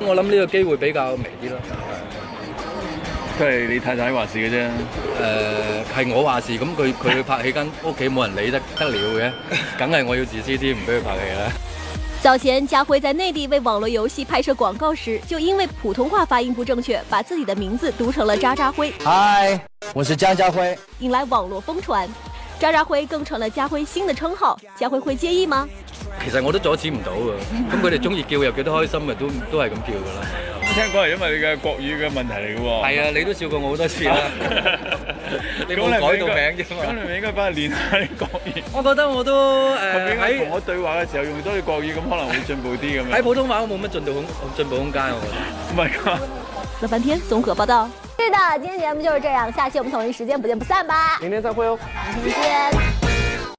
我諗呢個機會比較微啲咯，都、呃、係你太太話事嘅啫。誒、呃，係我話事，咁佢佢去拍戲間屋企冇人理得得了嘅，梗係我要自私啲，唔俾佢拍戲啦。早前，家輝在內地為網絡遊戲拍攝廣告時，就因為普通話發音不正確，把自己的名字讀成了渣渣輝。嗨，我是張家輝，引來網絡瘋傳，渣渣輝更成了家輝新的稱號。家輝會介意嗎？其實我都阻止唔到㗎，咁佢哋中意叫又幾多開心，咪都都係咁叫噶啦。聽講係因為你嘅國語嘅問題嚟嘅喎。係啊，你都笑過我好多次啦。咁你唔應該，咁你唔應該翻去練下國語。我覺得我都誒喺同我對話嘅時候用多啲國語，咁可能會進步啲咁樣。喺普通話我冇乜進度進步空間我覺得。唔係啩？老半天綜合報道，是的，今天節目就是這樣，下期我們同一時間不見不散吧。明天再會哦，再見。